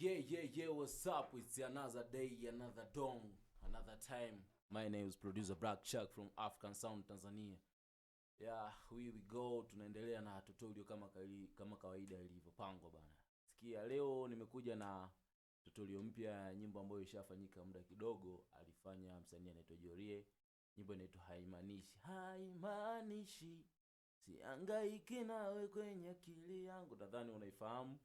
Yeah, yeah, yeah, what's up? It's another day, another dong, another time. My name is producer Black Chuck from African Sound Tanzania. Yeah, we we go. Tunaendelea na tutorial kama kali, kama kawaida ilivyopangwa bana. Sikia leo nimekuja na tutorial mpya ya nyimbo ambayo ishafanyika muda kidogo, alifanya msanii anaitwa Jorie. Nyimbo inaitwa haimanishi haimanishi Siangaiki nawe kwenye akili yangu. Nadhani unaifahamu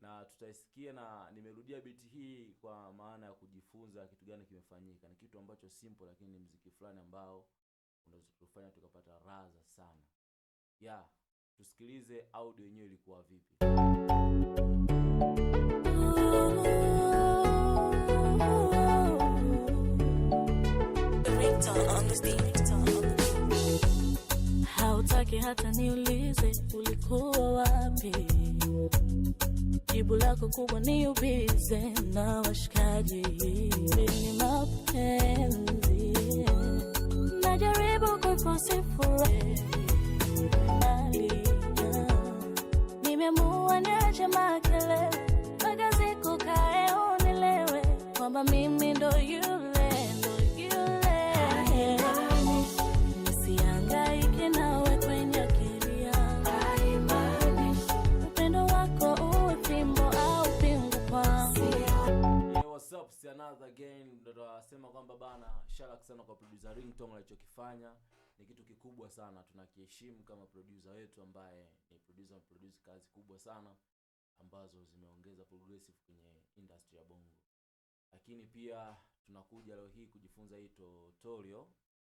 na tutaisikia, na nimerudia biti hii kwa maana ya kujifunza kitu gani kimefanyika. Ni kitu ambacho simple, lakini ni mziki fulani ambao unaweza tukapata radha sana. Yeah, tusikilize audio yenyewe ilikuwa vipi lake hata niulize ulikuwa wapi? Jibu lako kubwa ni ubize na washikaji. Ni mapenzi najaribu kukosifu furahi, nimeamua niache makelele magazi kukae, unielewe kwamba mimi ndo yule once again ndo tunasema kwamba bana, shalak sana kwa producer rington alichokifanya ni kitu kikubwa sana, tunakiheshimu kama producer wetu ambaye ni producer produce kazi kubwa sana ambazo zimeongeza progressive kwenye industry ya bongo. Lakini pia tunakuja leo hii kujifunza hii tutorial,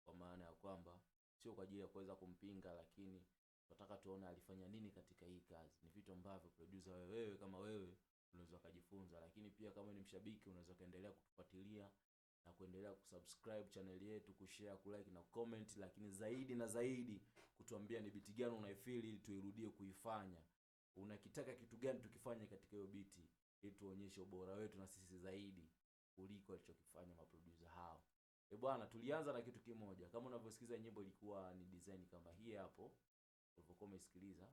kwa maana ya kwamba sio kwa ajili ya kuweza kumpinga, lakini tunataka tuone alifanya nini katika hii kazi. Ni vitu ambavyo producer wewe kama wewe unaweza ukajifunza, lakini pia kama ni mshabiki unaweza ukaendelea kutufuatilia na kuendelea kusubscribe channel yetu, kushare, kulike na comment, lakini zaidi na zaidi kutuambia ni biti gani unaifili ili tuirudie kuifanya. Unakitaka kitu gani tukifanye katika hiyo biti ili tuonyeshe ubora wetu na sisi zaidi kuliko alichokifanya maproducer hao. E bwana, tulianza na kitu kimoja. Kama unavyosikiliza nyimbo ilikuwa ni design kama hii hapo ulivyokuwa umesikiliza.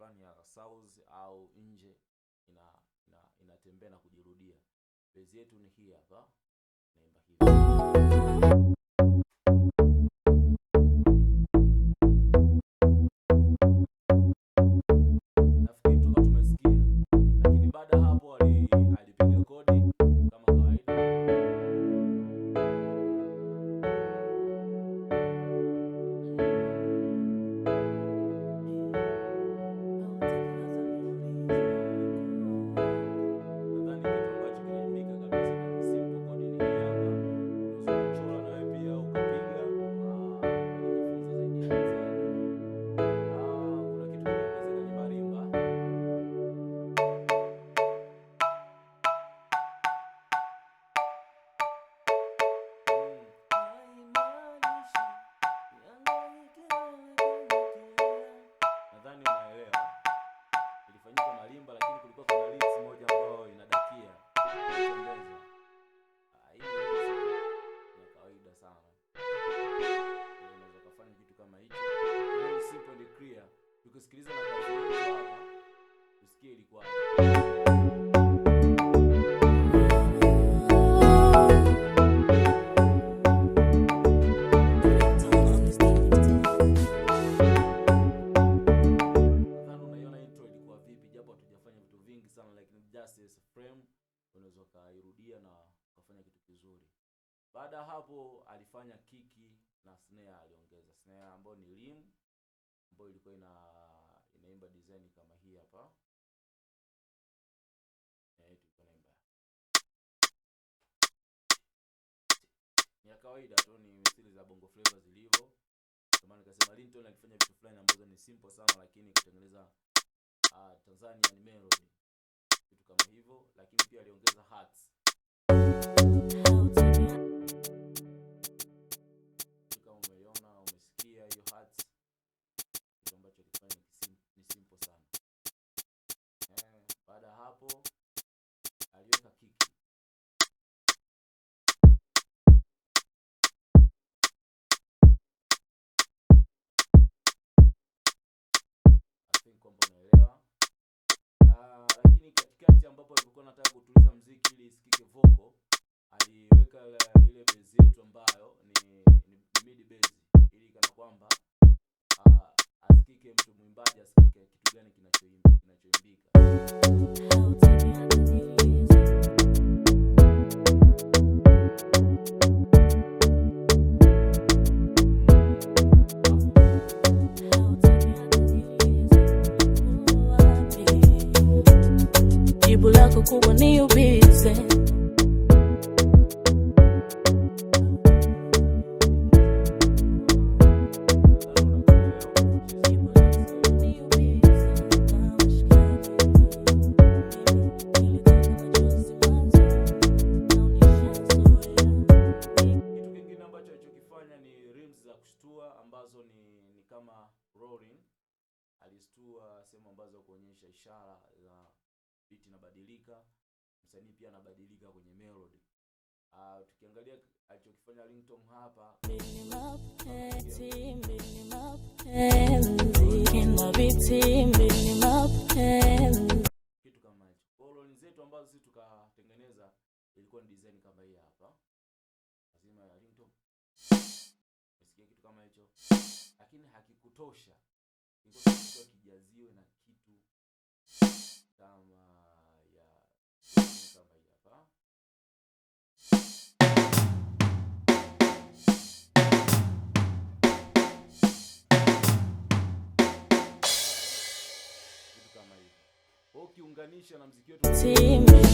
fulani ya south au nje ina ina inatembea na kujirudia. bezi yetu ni hii hapa, naimba hivi unaweza ukairudia na ukafanya kitu kizuri. Baada ya hapo alifanya kiki na snare, aliongeza snare ambayo ni rim ambayo ilikuwa ina inaimba design kama hii hapa eh, ni ya kawaida tu, ni misili za bongo flavor zilivyo. Kwa maana nikasema Ringtone alifanya vitu fulani ambazo ni simple sana, lakini kutengeneza uh, ah, Tanzania ni melody, vitu kama hivyo olha, um grande rato. ambapo alikuwa anataka kutuliza mziki ili isikike vocal, aliweka ile base yetu ambayo ni, mid ili kana kwamba asikike mtu mwimbaji asikike kitu gani kinachoimbika. kuwa niubize ambazo ni, ni kama rolling alistua sehemu ambazo kuonyesha ishara beat inabadilika, msanii pia anabadilika kwenye melody. Uh, tukiangalia alichokifanya Ringtone hapa kitu kama hicho. Kwa zetu ambazo sisi tukatengeneza ilikuwa ni design kama hii hapa, lazima ya Ringtone usikie kitu kama hicho, lakini hakikutosha, ilikuwa kijaziwe na kitu kama kitu Ukiunganisha na mziki wetu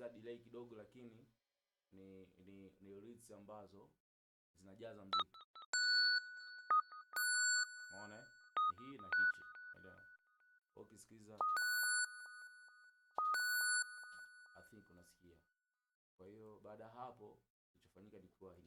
za delay kidogo, lakini ni ni, ni reeds ambazo zinajaza mziki. Unaona hii na hichi, elewa. Ukisikiliza I think unasikia. Kwa hiyo baada ya hapo kilichofanyika ni kuwa hivi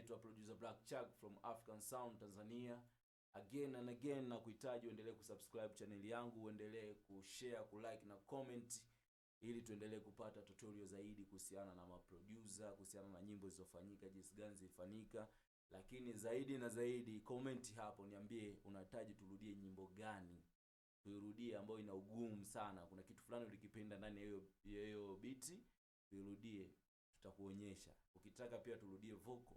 naitwa producer Black Chuck from African Sound Tanzania again and again, na kuhitaji uendelee kusubscribe channel yangu, uendelee kushare, kulike na comment, ili tuendelee kupata tutorial zaidi kuhusiana na maproducer, kuhusiana na nyimbo zilizofanyika, jinsi gani zilifanyika, lakini zaidi na zaidi, comment hapo, niambie unahitaji turudie nyimbo gani tuirudie, ambayo ina ugumu sana. Kuna kitu fulani ulikipenda ndani ya hiyo biti, tuirudie, tutakuonyesha. Ukitaka pia turudie vocal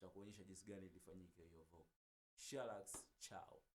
cha kuonyesha jinsi gani ilifanyika hiyo vogue. Shalax chao.